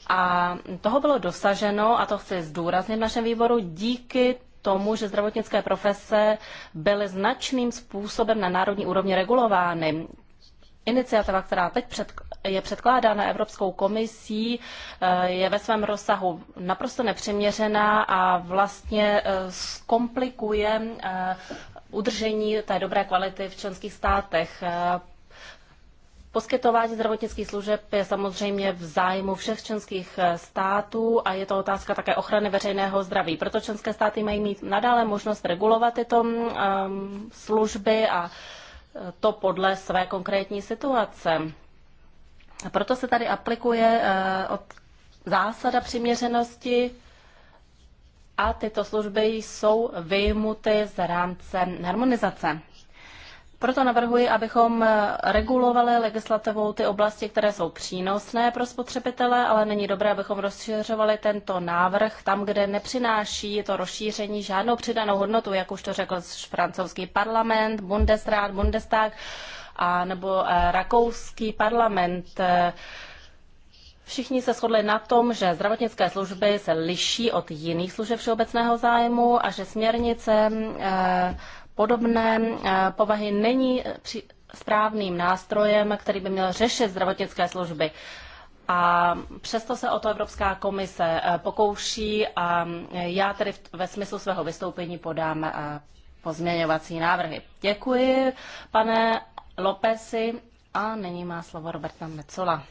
A toho bylo dosaženo, a to chci zdůraznit v našem výboru, díky tomu, že zdravotnické profese byly značným způsobem na národní úrovni regulovány. Iniciativa, která teď před, je předkládána Evropskou komisí, eh, je ve svém rozsahu naprosto nepřiměřená a vlastně eh, zkomplikuje eh, udržení té dobré kvality v členských státech. Poskytování zdravotnických služeb je samozřejmě v zájmu všech členských eh, států a je to otázka také ochrany veřejného zdraví. Proto členské státy mají mít nadále možnost regulovat tyto um, služby a eh, to podle své konkrétní situace. A proto se tady aplikuje uh, od zásada přiměřenosti a tyto služby jsou vyjmuty z rámce harmonizace. Proto navrhuji, abychom eh, regulovali legislativou ty oblasti, které jsou přínosné pro spotřebitele, ale není dobré, abychom rozšiřovali tento návrh tam, kde nepřináší to rozšíření žádnou přidanou hodnotu, jak už to řekl francouzský parlament, Bundesrat, Bundestag a nebo eh, rakouský parlament. Všichni se shodli na tom, že zdravotnické služby se liší od jiných služeb všeobecného zájmu a že směrnice eh, podobné eh, povahy není eh, správným nástrojem, který by měl řešit zdravotnické služby. A přesto se o to Evropská komise eh, pokouší a já tedy ve smyslu svého vystoupení podám pozměňovací návrhy. Děkuji, pane Lopesi. A nyní má slovo Roberta Mecola.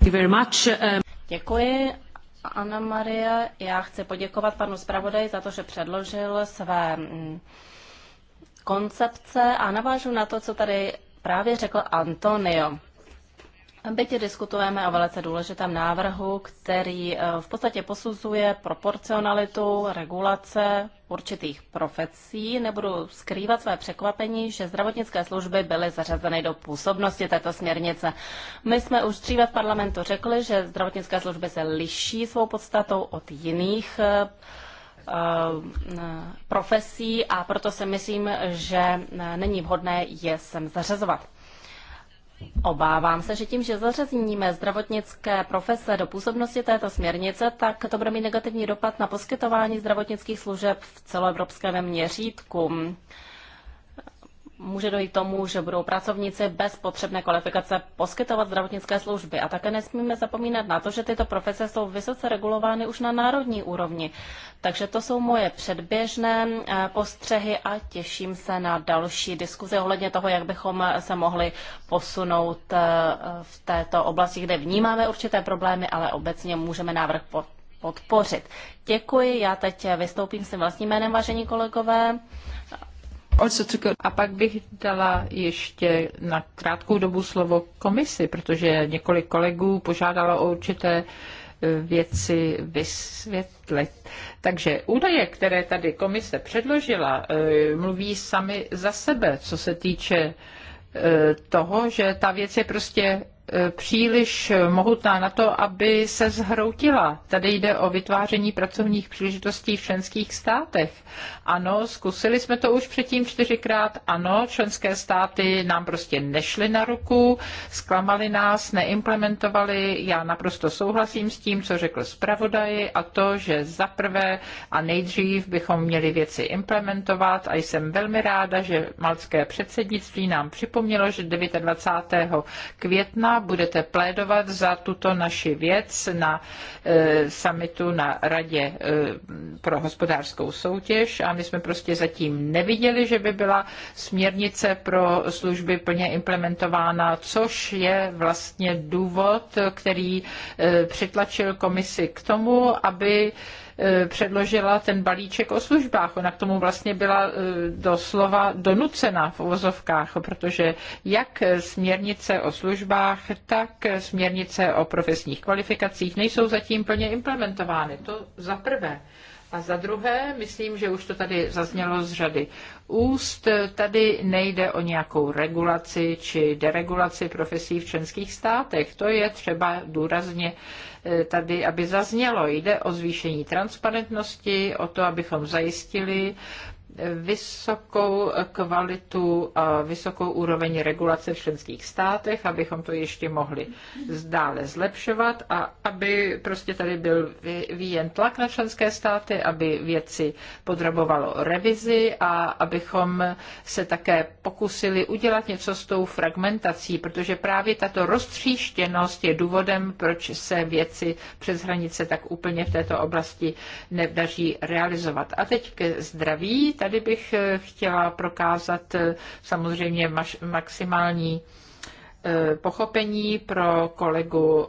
Děkuji. Ana Maria, já chci poděkovat panu zpravodaji za to, že předložil své mm, koncepce a navážu na to, co tady právě řekl Antonio. Bytě diskutujeme o velice důležitém návrhu, který eh, v podstatě posuzuje proporcionalitu regulace určitých profesí, Nebudu skrývat své překvapení, že zdravotnické služby byly zařazeny do působnosti této směrnice. My jsme už dříve v parlamentu řekli, že zdravotnické služby se liší svou podstatou od jiných eh, Eh, profesí a proto si myslím, že eh, není vhodné je sem zařazovat. Obávám se, že tím, že zařazníme zdravotnické profese do působnosti této směrnice, tak to bude mít negativní dopad na poskytování zdravotnických služeb v celoevropském měřítku může dojít k tomu, že budou pracovníci bez potřebné kvalifikace poskytovat zdravotnické služby. A také nesmíme zapomínat na to, že tyto profese jsou vysoce regulovány už na národní úrovni. Takže to jsou moje předběžné eh, postřehy a těším se na další diskuzi ohledně toho, jak bychom se mohli posunout eh, v této oblasti, kde vnímáme určité problémy, ale obecně můžeme návrh podpořit. Děkuji, já teď vystoupím s vlastním jménem, vážení kolegové. A pak bych dala ještě na krátkou dobu slovo komisi, protože několik kolegů požádalo o určité e, věci vysvětlit. Takže údaje, které tady komise předložila, e, mluví sami za sebe, co se týče e, toho, že ta věc je prostě E, příliš mohutná na to, aby se zhroutila. Tady jde o vytváření pracovních příležitostí v členských státech. Ano, zkusili jsme to už předtím čtyřikrát. Ano, členské státy nám prostě nešly na ruku, zklamali nás, neimplementovali. Já naprosto souhlasím s tím, co řekl zpravodaj, a to, že zaprvé a nejdřív bychom měli věci implementovat a jsem velmi ráda, že malské předsednictví nám připomnělo, že 29. května budete plédovat za tuto naši věc na e, summitu na Radě e, pro hospodářskou soutěž a my jsme prostě zatím neviděli, že by byla směrnice pro služby plně implementována, což je vlastně důvod, který e, přitlačil komisi k tomu, aby e, Eh, předložila ten balíček o službách. Ona k tomu vlastně byla eh, doslova donucena v uvozovkách, protože jak směrnice o službách, tak směrnice o profesních kvalifikacích nejsou zatím plně implementovány. To za prvé. A za druhé, myslím, že už to tady zaznělo z řady úst, tady nejde o nějakou regulaci či deregulaci profesí v členských státech. To je třeba důrazně eh, tady, aby zaznělo. Jde o zvýšení transparentnosti, o to, abychom zajistili vysokou kvalitu a vysokou úroveň regulace v členských státech, abychom to ještě mohli dále zlepšovat a aby prostě tady byl výjen tlak na členské státy, aby věci podrobovalo revizi a abychom se také pokusili udělat něco s tou fragmentací, protože právě tato roztříštěnost je důvodem, proč se věci přes hranice tak úplně v této oblasti nedaří realizovat. A teď ke zdraví, tady bych eh, chtěla prokázat eh, samozřejmě maximální eh, pochopení pro kolegu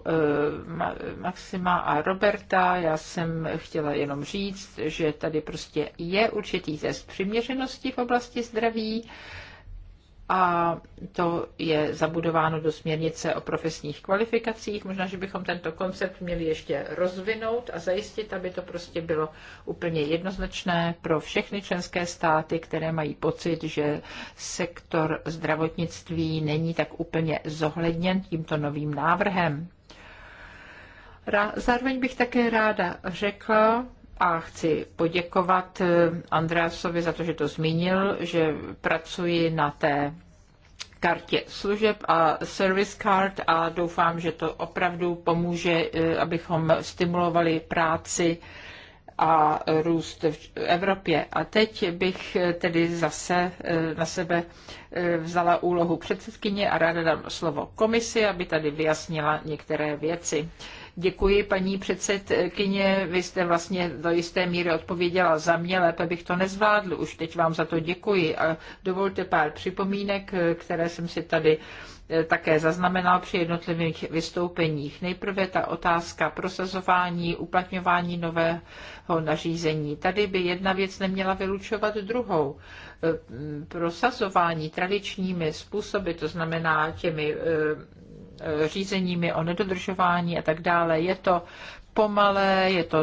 Maxima a Roberta. Já jsem chtěla jenom říct, že tady prostě je určitý test přiměřenosti v oblasti zdraví a to je zabudováno do směrnice o profesních kvalifikacích. Možná, že bychom tento koncept měli ještě rozvinout a zajistit, aby to prostě bylo úplně jednoznačné pro všechny členské státy, které mají pocit, že sektor zdravotnictví není tak úplně zohledněn tímto novým návrhem. Zároveň bych také ráda řekla, a chci poděkovat eh, Andreasovi za to, že to zmínil, že pracuji na té kartě služeb a service card a doufám, že to opravdu pomůže, eh, abychom stimulovali práci a růst v Evropě. A teď bych eh, tedy zase na sebe vzala úlohu předsedkyně a ráda dám slovo komisi, aby tady vyjasnila některé věci. Děkuji, paní předsedkyně. Vy jste vlastně do jisté míry odpověděla za mě, lépe bych to nezvládl. Už teď vám za to děkuji. A dovolte pár připomínek, které jsem si tady eh, také zaznamenal při jednotlivých vystoupeních. Nejprve ta otázka prosazování, uplatňování nového nařízení. Tady by jedna věc neměla vylučovat druhou. Eh, prosazování tradičními způsoby, to znamená těmi eh, Eh, řízeními o nedodržování a tak dále. Je to pomalé, je to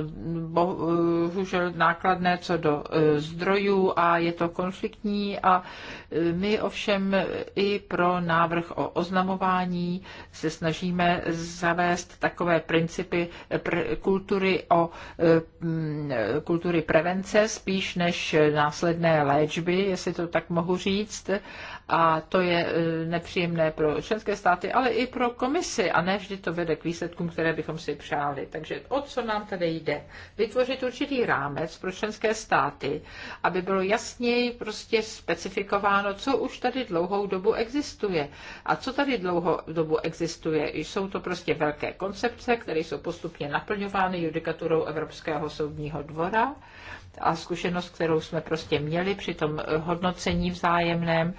bohužel nákladné co do eh, zdrojů a je to konfliktní a eh, my ovšem i pro návrh o oznamování se snažíme zavést takové principy kultury o mm, kultury prevence spíš než následné léčby, jestli to tak mohu říct a to je e, nepříjemné pro členské státy, ale i pro komisi a ne vždy to vede k výsledkům, které bychom si přáli. Takže o co nám tady jde? Vytvořit určitý rámec pro členské státy, aby bylo jasněji prostě specifikováno, co už tady dlouhou dobu existuje. A co tady dlouhou dobu existuje? Jsou to prostě velké koncepce, které jsou postupně naplňovány judikaturou Evropského soudního dvora a zkušenost, kterou jsme prostě měli při tom hodnocení vzájemném,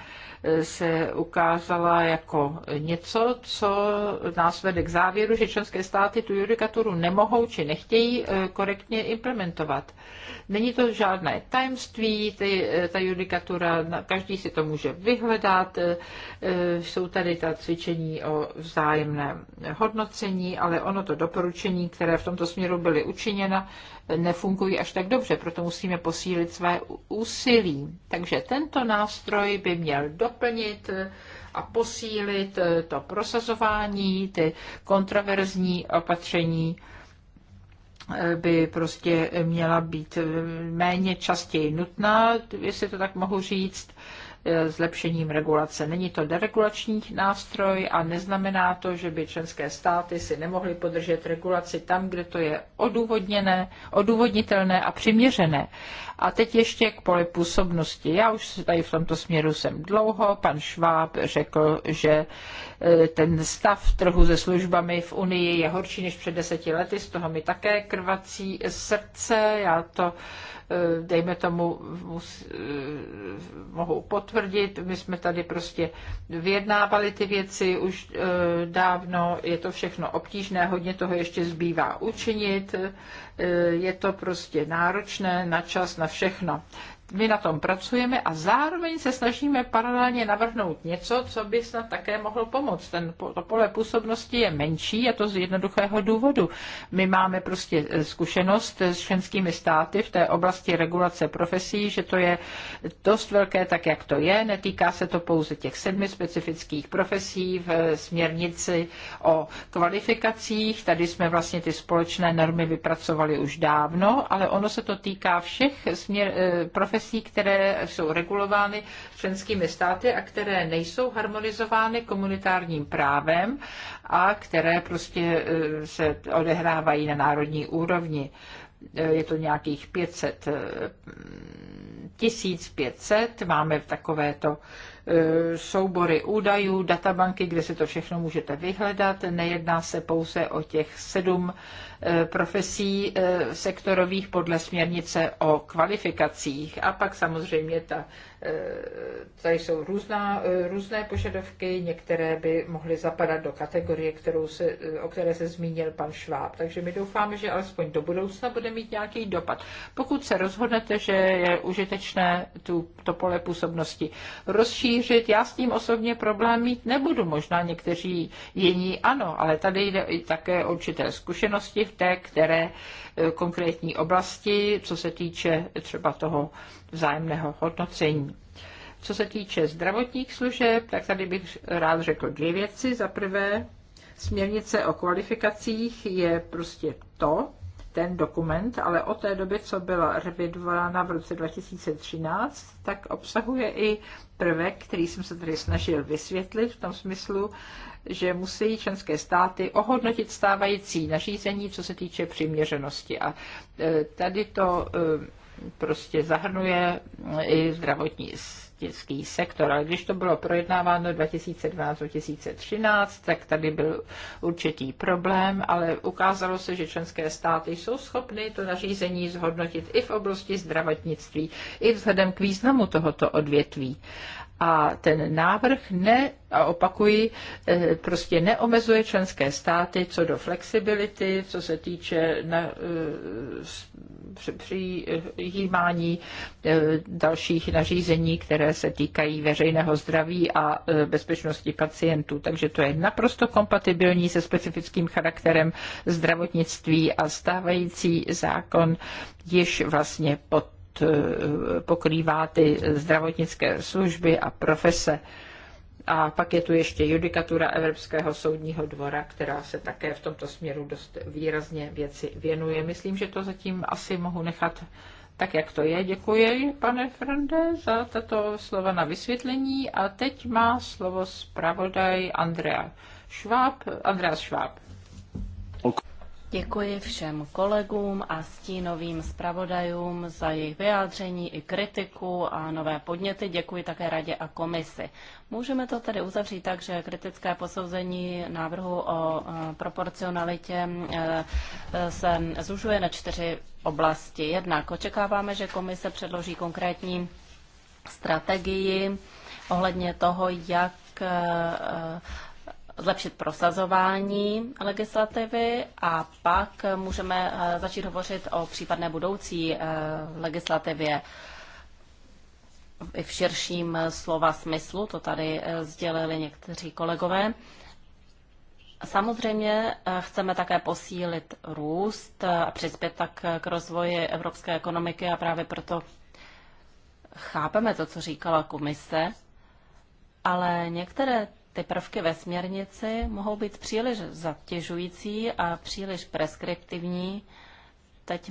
se ukázala jako něco, co nás vede k závěru, že členské státy tu judikaturu nemohou či nechtějí eh, korektně implementovat. Není to žádné tajemství, ty, eh, ta judikatura, každý si to může vyhledat, eh, jsou tady ta cvičení o vzájemném hodnocení, ale ono to doporučení, které v tomto směru byly učiněna, nefungují až tak dobře, proto musíme posílit své úsilí. Takže tento nástroj by měl doplnit a posílit to prosazování, ty kontroverzní opatření by prostě měla být méně častěji nutná, jestli to tak mohu říct zlepšením regulace. Není to deregulační nástroj a neznamená to, že by členské státy si nemohly podržet regulaci tam, kde to je odůvodněné, odůvodnitelné a přiměřené. A teď ještě k poli působnosti. Já už tady v tomto směru jsem dlouho. Pan Šváb řekl, že E, ten stav trhu se službami v Unii je horší než před deseti lety, z toho mi také krvací srdce, já to e, dejme tomu, mus, e, mohu potvrdit. My jsme tady prostě vyjednávali ty věci už dávno, je to všechno obtížné, hodně toho ještě zbývá učinit, je to prostě náročné na čas, na všechno my na tom pracujeme a zároveň se snažíme paralelně navrhnout něco, co by snad také mohlo pomoct. Ten, to pole působnosti je menší a to z jednoduchého důvodu. My máme prostě eh, zkušenost s členskými státy v té oblasti regulace profesí, že to je dost velké tak, jak to je. Netýká se to pouze těch sedmi specifických profesí v eh, směrnici o kvalifikacích. Tady jsme vlastně ty společné normy vypracovali už dávno, ale ono se to týká všech směr, eh, profesí, profesí, které jsou regulovány členskými státy a které nejsou harmonizovány komunitárním právem a které prostě eh, se odehrávají na národní úrovni. Eh, je to nějakých 500, 1500, eh, máme takovéto soubory údajů, databanky, kde se to všechno můžete vyhledat. Nejedná se pouze o těch sedm Eh, profesí eh, sektorových podle směrnice o kvalifikacích. A pak samozřejmě ta, eh, tady jsou různá, různé požadavky, některé by mohly zapadat do kategorie, kterou se, o které se zmínil pan Šváb. Takže my doufáme, že alespoň do budoucna bude mít nějaký dopad. Pokud se rozhodnete, že je užitečné tu, to pole působnosti rozšířit, já s tím osobně problém mít nebudu. Možná někteří jiní ano, ale tady jde i také o určité zkušenosti v té které e, konkrétní oblasti, co se týče třeba toho vzájemného hodnocení. Co se týče zdravotních služeb, tak tady bych rád řekl dvě věci. Za prvé, směrnice o kvalifikacích je prostě to, ten dokument, ale od té doby, co byla revidována v roce 2013, tak obsahuje i prvek, který jsem se tady snažil vysvětlit v tom smyslu, že musí členské státy ohodnotit stávající nařízení, co se týče přiměřenosti. A e, tady to e, prostě zahrnuje e, i zdravotní dětský sektor. Ale když to bylo projednáváno 2012-2013, tak tady byl určitý problém, ale ukázalo se, že členské státy jsou schopny to nařízení zhodnotit i v oblasti zdravotnictví, i vzhledem k významu tohoto odvětví. A ten návrh ne, a opakuji, eh, prostě neomezuje členské státy co do flexibility, co se týče na, eh, přijímání eh, dalších nařízení, které se týkají veřejného zdraví a bezpečnosti pacientů. Takže to je naprosto kompatibilní se specifickým charakterem zdravotnictví a stávající zákon již vlastně pod Eh, pokrývá ty zdravotnické služby a profese. A pak je tu ještě judikatura Evropského soudního dvora, která se také v tomto směru dost výrazně věci věnuje. Myslím, že to zatím asi mohu nechat tak, jak to je. Děkuji, pane Frande, za tato slova na vysvětlení. A teď má slovo zpravodaj Andrea Schwab. Andreas Schwab. Okay. Děkuji všem kolegům a stínovým zpravodajům za jejich vyjádření i kritiku a nové podněty. Děkuji také radě a komisi. Můžeme to tedy uzavřít tak, že kritické posouzení návrhu o e, proporcionalitě e, se zužuje na čtyři oblasti. Jednak očekáváme, že komise předloží konkrétní strategii ohledně toho, jak jak e, zlepšit prosazování legislativy a pak můžeme eh, začít hovořit o případné budoucí eh, legislativě i v širším eh, slova smyslu, to tady sdělili někteří kolegové. Samozřejmě chceme také posílit růst a přispět tak k rozvoji evropské ekonomiky a právě proto chápeme to, co říkala komise, ale některé ty prvky ve směrnici mohou být příliš zatěžující a příliš preskriptivní. Teď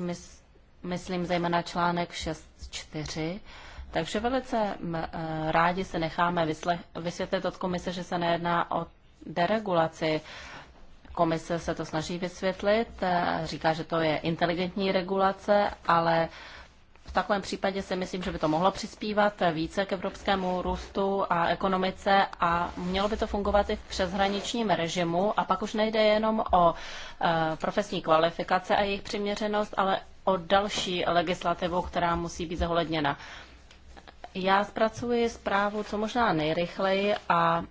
myslím zejména článek 6.4. Takže velice e, rádi se necháme vysvětlit od komise, že se nejedná o deregulaci. Komise se to snaží vysvětlit, e, říká, že to je inteligentní regulace, ale v takovém případě si myslím, že by to mohlo přispívat více k evropskému růstu a ekonomice a mělo by to fungovat i v přeshraničním režimu. A pak už nejde jenom o eh, profesní kvalifikace a jejich přiměřenost, ale o další legislativu, která musí být zohledněna. Já zpracuji zprávu co možná nejrychleji a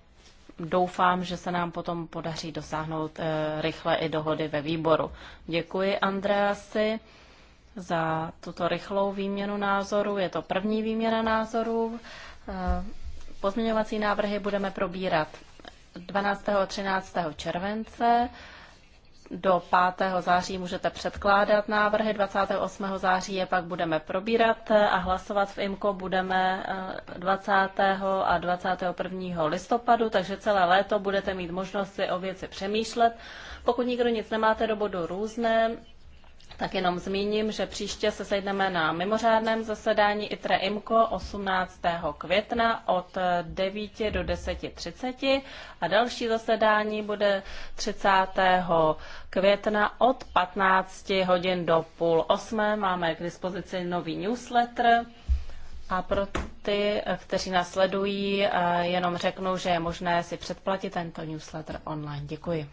doufám, že se nám potom podaří dosáhnout eh, rychle i dohody ve výboru. Děkuji, Andreasi za tuto rychlou výměnu názorů. Je to první výměna názorů. Eh, pozměňovací návrhy budeme probírat 12. a 13. července. Do 5. září můžete předkládat návrhy, 28. září je pak budeme probírat a hlasovat v IMKO budeme 20. Eh, a 21. listopadu, takže celé léto budete mít možnost si o věci přemýšlet. Pokud nikdo nic nemáte do bodu různé, tak jenom zmíním, že příště se sejdeme na mimořádném zasedání ITRE IMCO 18. května od 9 do 10.30 a další zasedání bude 30. května od 15 hodin do půl osmé. Máme k dispozici nový newsletter. A pro ty, kteří nás sledují, eh, jenom řeknu, že je možné si předplatit tento newsletter online. Děkuji.